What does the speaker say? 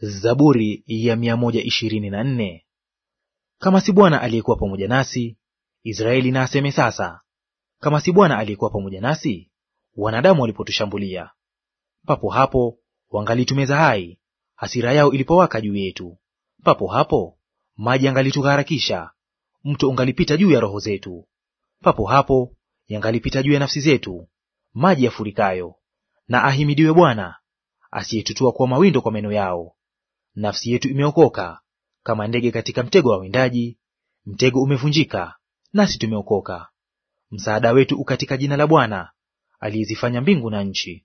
Zaburi ya 124. Kama si Bwana aliyekuwa pamoja nasi, Israeli na aseme sasa, kama si Bwana aliyekuwa pamoja nasi wanadamu walipotushambulia. Papo hapo wangalitumeza hai, hasira yao ilipowaka juu yetu. Papo hapo maji yangalitugharakisha mto ungalipita juu ya roho zetu. Papo hapo yangalipita juu ya nafsi zetu maji yafurikayo. Na ahimidiwe Bwana asiyetutua kwa mawindo kwa meno yao. Nafsi yetu imeokoka kama ndege katika mtego wa windaji, mtego umevunjika, nasi tumeokoka. Msaada wetu ukatika jina la Bwana aliyezifanya mbingu na nchi.